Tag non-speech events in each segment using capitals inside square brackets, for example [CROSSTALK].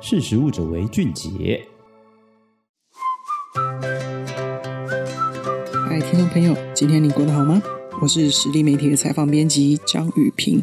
識食物者為俊傑。嗨，聽眾朋友，今天你過得好嗎？我是食力媒體的採訪編輯張語屏。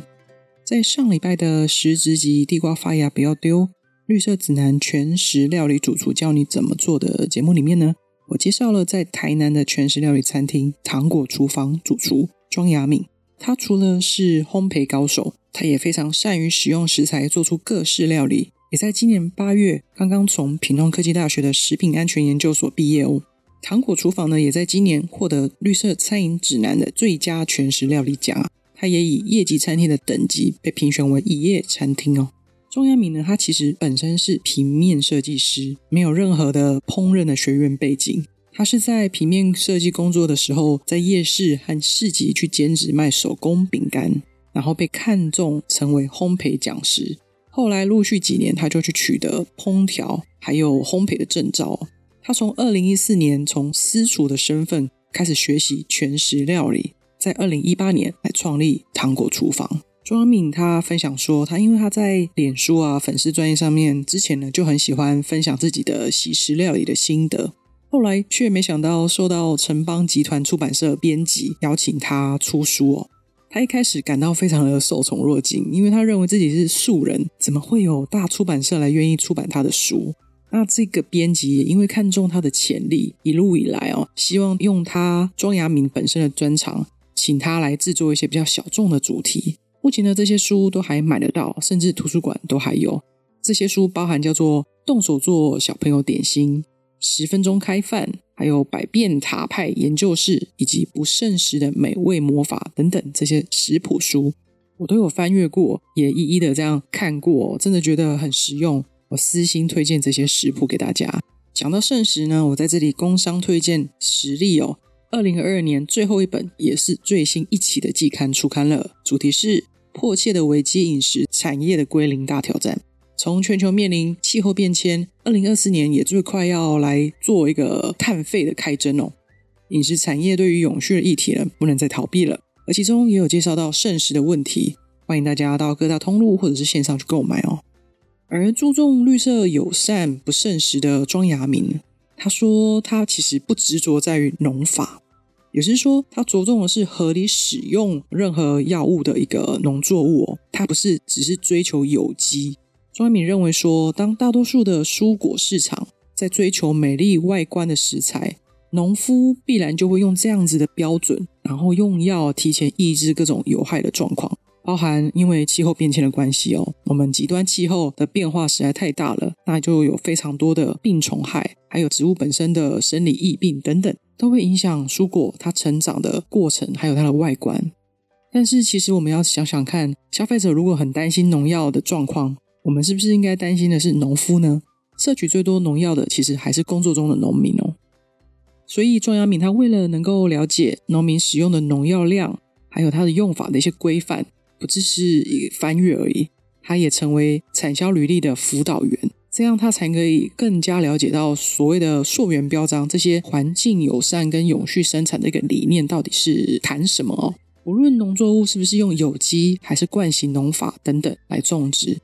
在上禮拜的《食值級地瓜發芽不要丟綠色指南》全食料理主廚教你怎麼做的節目裡面呢，我介紹了在台南的全食料理餐廳“糖果廚房”主廚莊，莊雅閔。他除了是烘焙高手，他也非常善於使用食材做出各式料理。也在今年八月剛剛從屏東科技大學的食品安全研究所畢業哦。糖果廚房呢，也在今年獲得綠色餐飲指南的最佳全食料理獎啊。它也以葉級餐廳的等級被評選為一葉餐廳哦。莊雅閔呢，他其實本身是平面設計師，沒有任何的烹飪的學院背景。他是在平面設計工作的時候，在夜市和市集去兼職賣手工餅乾，然後被看中成為烘焙講師。後來陸續幾年，他就去取得烹調還有烘焙的證照。他從二零一四年從私廚的身份開始學習全食料理，在二零一八年來創立糖果廚房。莊雅閔他分享說，他因為他在臉書啊粉絲專頁上面之前呢就很喜歡分享自己的惜食料理的心得，後來卻沒想到受到城邦集團出版社編輯邀請他出書哦。他一開始感到非常的受寵若驚，因為他認為自己是素人，怎麼會有大出版社來願意出版他的書？那這個編輯也因為看中他的潛力，一路以來哦，希望用他莊雅閔本身的專長，請他來制作一些比較小眾的主題。目前呢，這些書都還買得到，甚至圖書館都還有。這些書包含叫做《動手做小朋友點心》、《十分鐘開飯》。還有百變塔派研究室以及不剩食的美味魔法等等這些食譜書，我都有翻閱過，也一一的這樣看過，真的覺得很實用，我私心推薦這些食譜給大家。講到剩食呢，我在這裡工商推薦食力哦，二零二二年最後一本也是最新一期的季刊出刊了，主題是迫切的危機飲食產業的歸零大挑戰。從全球面臨氣候變遷，二零二四年也最快要來做一個碳費的開徵哦。飲食產業對於永續的議題呢，不能再逃避了。而其中也有介紹到剩食的問題，歡迎大家到各大通路或者是線上去購買哦。而注重綠色友善、不剩食的莊雅閔，他說他其實不執着在於農法，也是說他着重的是合理使用任何藥物的一個農作物哦，他不是只是追求有機。莊雅閔認為說，當大多數的蔬果市場在追求美麗外觀的食材，農夫必然就會用這樣子的標準，然後用藥提前抑制各種有害的狀況。包含因為氣候變遷的關係哦，我們極端氣候的變化實在太大了，那就有非常多的病蟲害，還有植物本身的生理疫病等等，都會影響蔬果它成長的過程，還有它的外觀。但是其實我們要想想看，消費者如果很擔心農藥的狀況。我們是不是應該擔心的是農夫呢？攝取最多農藥的其實還是工作中的農民哦。所以莊雅閔他為了能夠了解農民使用的農藥量，還有它的用法的一些規範，不只是一個翻閱而已，他也成為產銷履歷的輔導員，這樣他才可以更加了解到所謂的溯源標章，這些環境友善跟永續生產的一個理念到底是談什麼哦。無論農作物是不是用有機還是慣行農法等等來種植。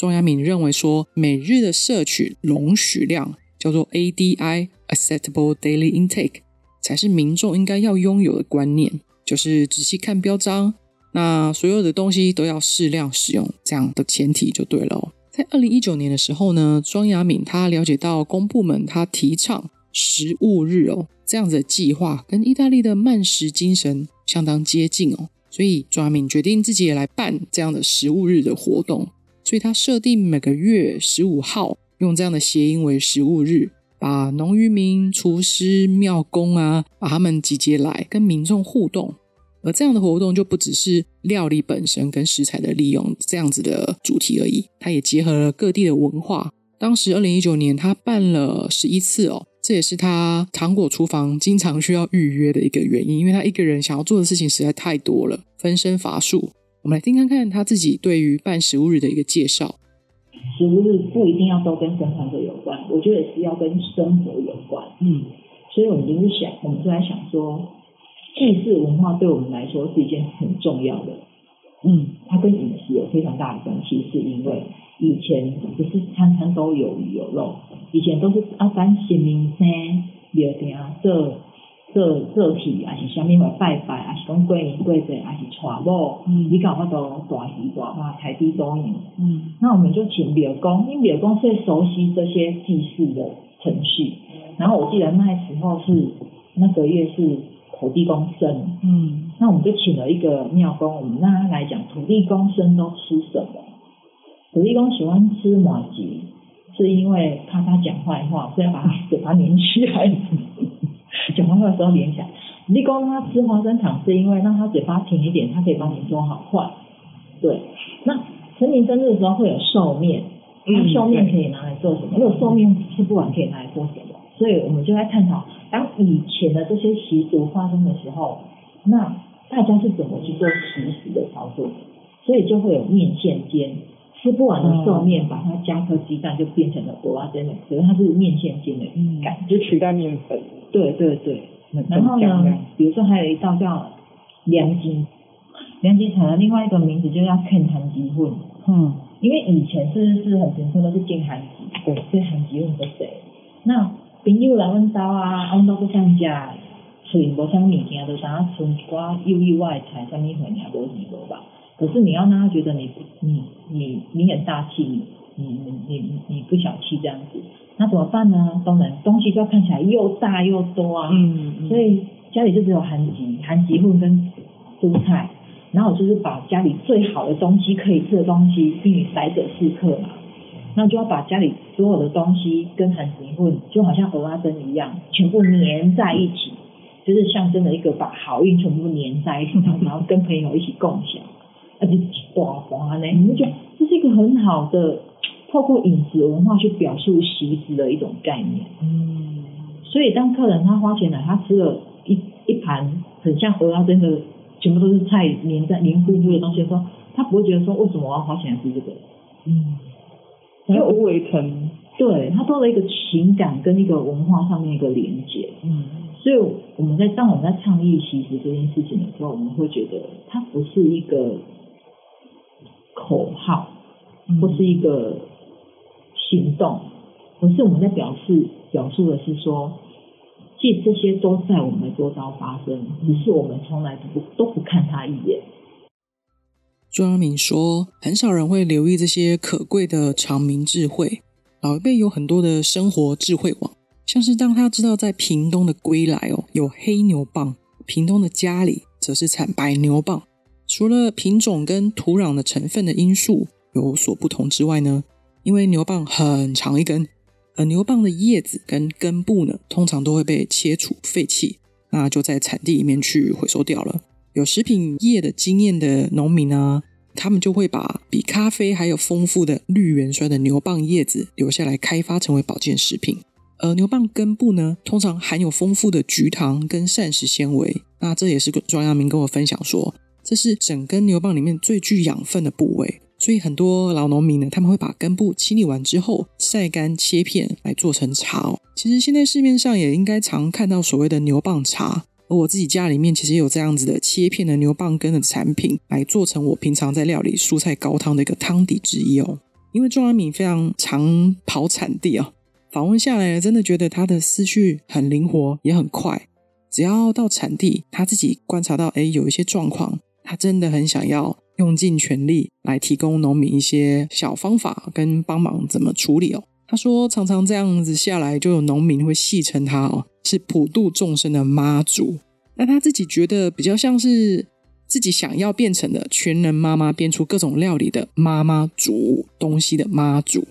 莊雅閔認為說，每日的攝取容許量叫做 A D I (Acceptable Daily Intake)，才是民眾應該要擁有的觀念，就是仔細看標章，那所有的東西都要適量使用，這樣的前提就對了哦。在二零一九年的時候呢，莊雅閔他了解到公部門他提倡食物日哦這樣子的計劃，跟意大利的慢食精神相當接近哦，所以莊雅閔決定自己也來辦這樣的食物日的活動。所以他設定每個月十五號，用這樣的諧音為食物日，把農漁民、廚師、廟公啊，把他們集結來跟民眾互動。而這樣的活動就不只是料理本身跟食材的利用這樣子的主題而已，他也結合了各地的文化。當時二零一九年他辦了十一次哦，這也是他糖果廚房經常需要預約的一個原因，因為他一個人想要做的事情實在太多了，分身乏術。我們來聽看看他自己對於辦食物日的一個介紹。食物日不一定要都跟生產者有關，我覺得也是要跟生活有關。嗯，所以我們就是想，我們就在想說，祭祀文化對我們來說是一件很重要的。嗯，它跟飲食有非常大的關係，是因為以前不是餐餐都有魚有肉，以前都是阿扁洗明、先、啊，要點阿粥。做做戲，還是什麼嘛拜拜，還是講過年過節，還是傳播、嗯。你搞我都大喜大歡，彩禮多贏。嗯，那我們就請廟公，因為廟公最熟悉這些祭祀的程序。然後我記得那時候是那個月是土地公生。嗯，那我們就請了一個廟公，我們讓他來講土地公生都吃什麼？土地公喜歡吃麻糬是因為怕他講壞話，所以要把他給他嘴巴黏起來。 [LAUGHS] 講話的時候聯起來，立功他吃花生糖是因為讓他嘴巴甜一點，他可以幫你說好話。對，那成年生日的時候會有壽面，那壽面可以拿來做什麼？那、嗯、壽面是不管可以拿來做什麼，所以我們就在探討，當以前的這些習俗發生的時候，那大家是怎麼去做實時的操作？所以就會有麵線間吃不完的素麵、嗯，把它加顆雞蛋，就變成了鍋巴。真、嗯、的，只是它是麵線筋的嗯，感，就取代面粉。對對對，那然後呢，比如說還有一道叫涼筋。涼筋它的另外一個名字，就叫清糖雞混。嗯，因為以前是是很平常都是煎海蠣，對，煎海蠣用的水。那朋友來阮家啊，阮都不像家所以像年輕人都知影，剩又意外菜、啥物貨，爾無錢無吧.可是你要讓他覺得你你你你，你很大氣，你你你你，你不小氣這樣子，那怎麼辦呢？當然，東西就要看起來又大又多啊！嗯嗯。所以家裡就只有韓吉韓吉混跟蔬菜，然後我就是把家裡最好的東西可以吃的東西，嗯，來者是客嘛，那就要把家裡所有的東西跟韓吉混，就好像荷花針一樣，全部黏在一起，就是象徵的一個把好運全部黏在一起，然後跟朋友一起共享。 [LAUGHS] 而、啊、且滑滑的，你會覺得這是一個很好的透過飲食文化去表述惜食的一種概念。嗯，所以當客人他花錢了，他吃了一一盤很像蚵仔羹的，全部都是菜黏在黏糊糊的東西的時候，說他不會覺得說為什麼我要花錢來吃這個？嗯，因為五味層，對他多了一個情感跟一個文化上面一個連接。嗯，所以我們在當我們在倡議惜食這件事情的時候，我們會覺得它不是一個。口號，不是一個行動，而是我們在表示、表述的是說，這些都在我們周遭發生，只是我們從來都不都不看他一眼。莊雅閔說，很少人會留意這些可貴的常民智慧，老一輩有很多的生活智慧王，像是當他知道在屏東的歸來哦，有黑牛蒡，屏東的佳冬則是產白牛蒡。除了品種跟土壤的成分的因素有所不同之外呢，因為牛蒡很長一根，而牛蒡的葉子跟根部呢，通常都會被切除廢棄，那就在產地裡面去回收掉了。有食品業的經驗的農民呢、啊，他們就會把比咖啡還有豐富的綠原酸的牛蒡葉子留下來開發成為保健食品。而牛蒡根部呢，通常含有豐富的菊糖跟膳食纖維。那這也是莊雅閔跟我分享說。這是整根牛蒡裡面最具養分的部位，所以很多老農民呢，他們會把根部清理完之後曬乾切片來做成茶，哦。其實現在市面上也應該常看到所謂的牛蒡茶，而我自己家裡面其實也有這樣子的切片的牛蒡根的產品，來做成我平常在料理蔬菜高湯的一個湯底之一哦。因為莊雅閔非常常跑產地啊，哦，訪問下來真的覺得他的思緒很靈活也很快，只要到產地他自己觀察到，誒，有一些狀況。他真的很想要用盡全力來提供農民一些小方法跟幫忙，怎麼處理哦？他說常常這樣子下來，就有農民會戲稱他哦是普度眾生的媽祖，那他自己覺得比較像是自己想要變成的全能媽媽，編出各種料理的媽媽煮東西的媽祖，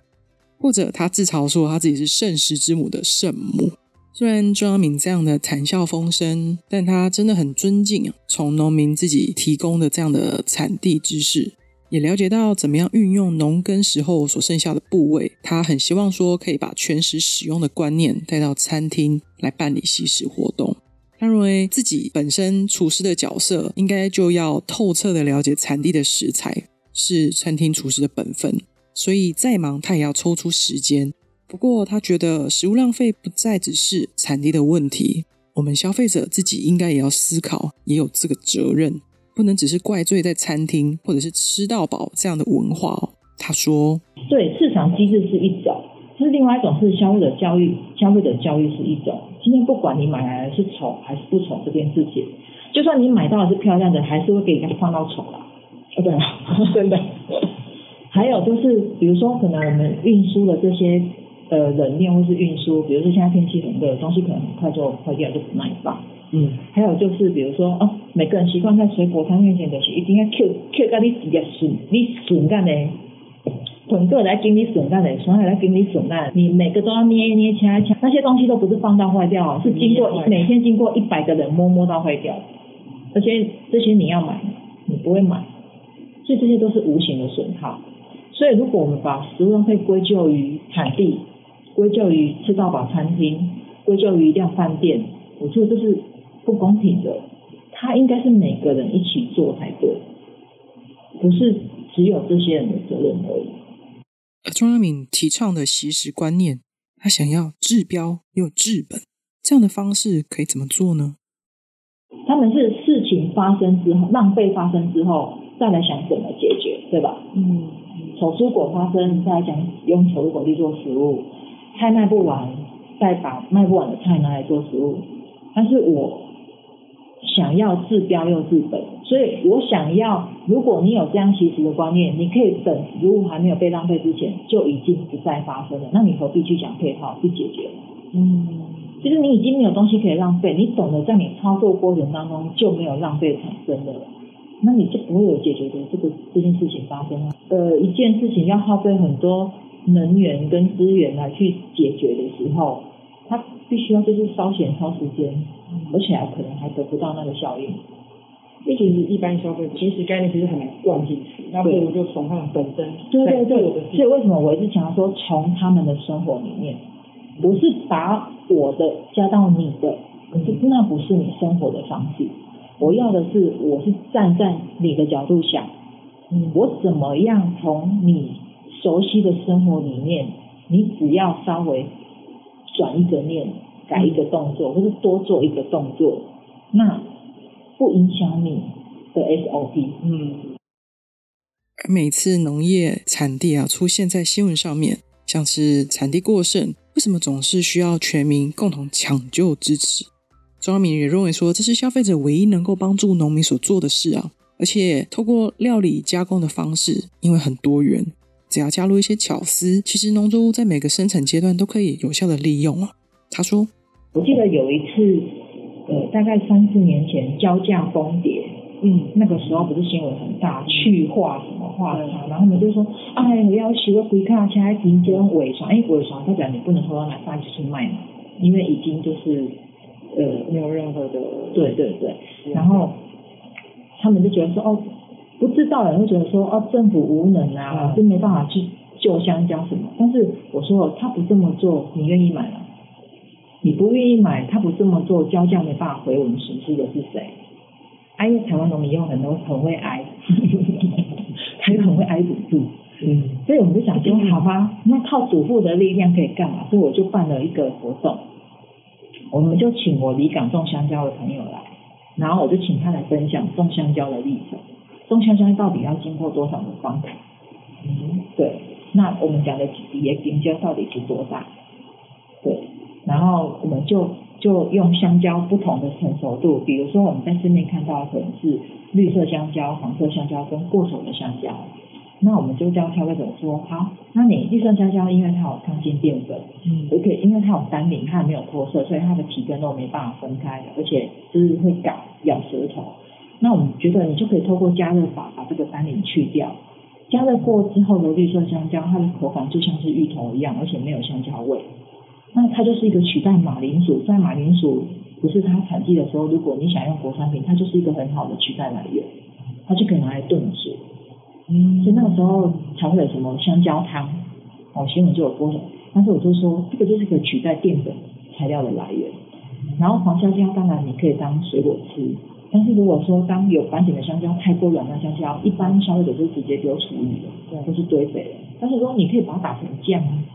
或者他自嘲說他自己是剩食之母的剩母。雖然莊雅閔這樣的談笑風生，但他真的很尊敬啊，從農民自己提供的這樣的產地知識，也了解到怎麼樣運用農耕時候所剩下的部位。他很希望說可以把全食使用的觀念帶到餐廳來辦理惜食活動。他認為自己本身廚師的角色，應該就要透徹的了解產地的食材，是餐廳廚師的本分。所以再忙，他也要抽出時間。不過，他覺得食物浪費不再只是產地的問題，我們消費者自己應該也要思考，也有這個責任，不能只是怪罪在餐廳或者是吃到飽這樣的文化，哦。他說：“對，市場機制是一種，但是另外一種是消費者教育。消費者教育是一種。今天不管你買來的是醜還是不醜，這邊自己就算你買到的是漂亮的，還是會給人家放到醜了。對啊，對啊，真的，啊。還有就是，比如說，可能我們運輸的這些。”呃，冷鏈或是運輸，比如說現在天氣很熱，東西可能很快就壞掉，就不耐放。嗯，還有就是比如說，哦、啊，每個人習慣在水果攤面前就是一定要撿撿，咖你的損，你損咖嘞，整個來給你損咖嘞，損害來給你損咖，你每個都要捏捏掐掐，那些東西都不是放到壞掉，是經過每天經過一百個人摸摸到壞掉，而且這些你要買，你不會買，所以這些都是無形的損耗。所以如果我們把食物浪費歸咎於產地，歸咎於吃到飽餐廳，歸咎於一定要飯店，我覺得這是不公平的。他應該是每個人一起做才對，不是只有這些人的責任而已。呃，莊雅閔提倡的惜食觀念，他想要治標又治本，這樣的方式可以怎麼做呢？他們是事情發生之後，浪費發生之後再來想怎麼解決，對吧？嗯，醜蔬果發生再來想用醜蔬果去做食物。菜賣不完，再把賣不完的菜拿來做食物。但是我想要治標又治本，所以我想要，如果你有這樣其實的觀念，你可以等食物還沒有被浪費之前，就已經不再發生了。那你何必去講配套去解決？嗯，其實你已經沒有東西可以浪費，你懂得在你操作過程當中就沒有浪費產生的了，那你就不會有解決的這個這件事情發生了。呃，一件事情要耗費很多能源跟資源來去解決的時候，他必須要就是燒錢燒時間，而且還可能還得不到那個效應。這就是一般消費者，其實概念其實很難灌進去。那不如就從他們本身對對對。所以為什麼我一直想要說，從他們的生活裡面，不是把我的加到你的，可是那不是你生活的方式。我要的是，我是站在你的角度想，嗯，我怎麼樣從你。熟悉的生活裡面，你只要稍微轉一個念，改一個動作，或是多做一個動作，那不影響你的 S O P。嗯。而每次農業產地啊出現在新聞上面，像是產地過剩，為什麼總是需要全民共同搶救支持？莊雅閔也認為說，這是消費者唯一能夠幫助農民所做的事啊，而且透過料理加工的方式，因為很多元。只要加入一些巧思，其實農作物在每個生產階段都可以有效的利用了。他說：“我記得有一次，呃，大概三四年前，交價崩跌，嗯，那個時候不是新聞很大，去化什麼化？然後我們就說，哎，我要學回看其他接種尾酸，因、哎、為尾酸代表你不能說拿翻出去賣嘛，因為已經就是呃沒有任何的對對對，對，然後他們就覺得說哦。”不知道的人會覺得說哦，政府無能啊，老是、嗯、沒辦法去救香蕉什麼。但是我說他不這麼做，你願意買嗎？你不願意買，他不這麼做，蕉價沒辦法回。我們損失的是誰、啊？因為台灣農民又很多很會挨， [LAUGHS] [LAUGHS] 他就很會挨補助。嗯，所以我們就想說，好吧，那靠主婦的力量可以幹嘛？所以我就辦了一個活動，我們就請我離港種香蕉的朋友來，然後我就請他來分享種香蕉的例子。中香蕉到底要經過多少個方法？嗯，對。那我們講的體積成交到底是多大？對。然後我們就就用香蕉不同的成熟度，比如說我們在市面看到的可能是綠色香蕉、黃色香蕉跟過熟的香蕉。那我們就教消費者說：好、啊，那你綠色香蕉因為它有抗性澱粉，嗯，而且因為它有單寧，它還沒有脫色，所以它的皮跟肉都沒辦法分開，而且就是會咬咬舌頭。那我們覺得你就可以透過加熱法把這個單寧去掉。加熱過之後的綠色香蕉，它的口感就像是芋頭一樣，而且沒有香蕉味。那它就是一個取代馬鈴薯，在馬鈴薯不是它產地的時候，如果你想用國產品，它就是一個很好的取代來源，它就可以拿來燉煮。嗯，所以那個時候才會有什麼香蕉湯，哦，新聞就有播了。但是我就說，這個就是一個取代澱粉材料的來源。然後黃香蕉當然你可以當水果吃。但是如果說當有斑點的香蕉，太過軟的香蕉，一般消費者就直接丟廚餘了，對，都是堆肥了。但是如果你可以把它打成醬啊，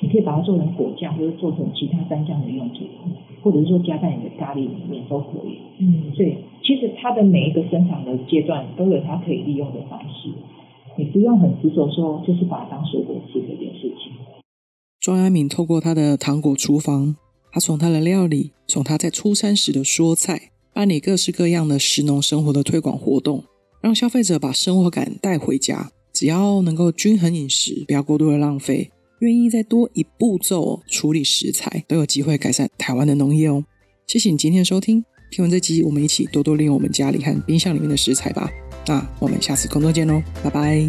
你可以把它做成果醬，或者做成其他香蕉的用途，或者是說加在你的咖喱裡面都可以。嗯，對，其實它的每一個生產的階段都有它可以利用的方式，你不用很執着說就是把它當水果吃這件事情。莊雅閔透過他的糖果廚房，他從他的料理，從他在出餐時的蔬菜，辦理各式各樣的食農生活的推廣活動，讓消費者把生活感帶回家。只要能夠均衡飲食，不要過度的浪費，願意再多一步驟處理食材，都有機會改善台灣的農業哦。謝謝你今天的收聽。聽完這集，我們一起多多利用我們家裡和冰箱裡面的食材吧。那我們下次工作見嘍，拜拜。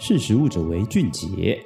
識食物者為俊傑。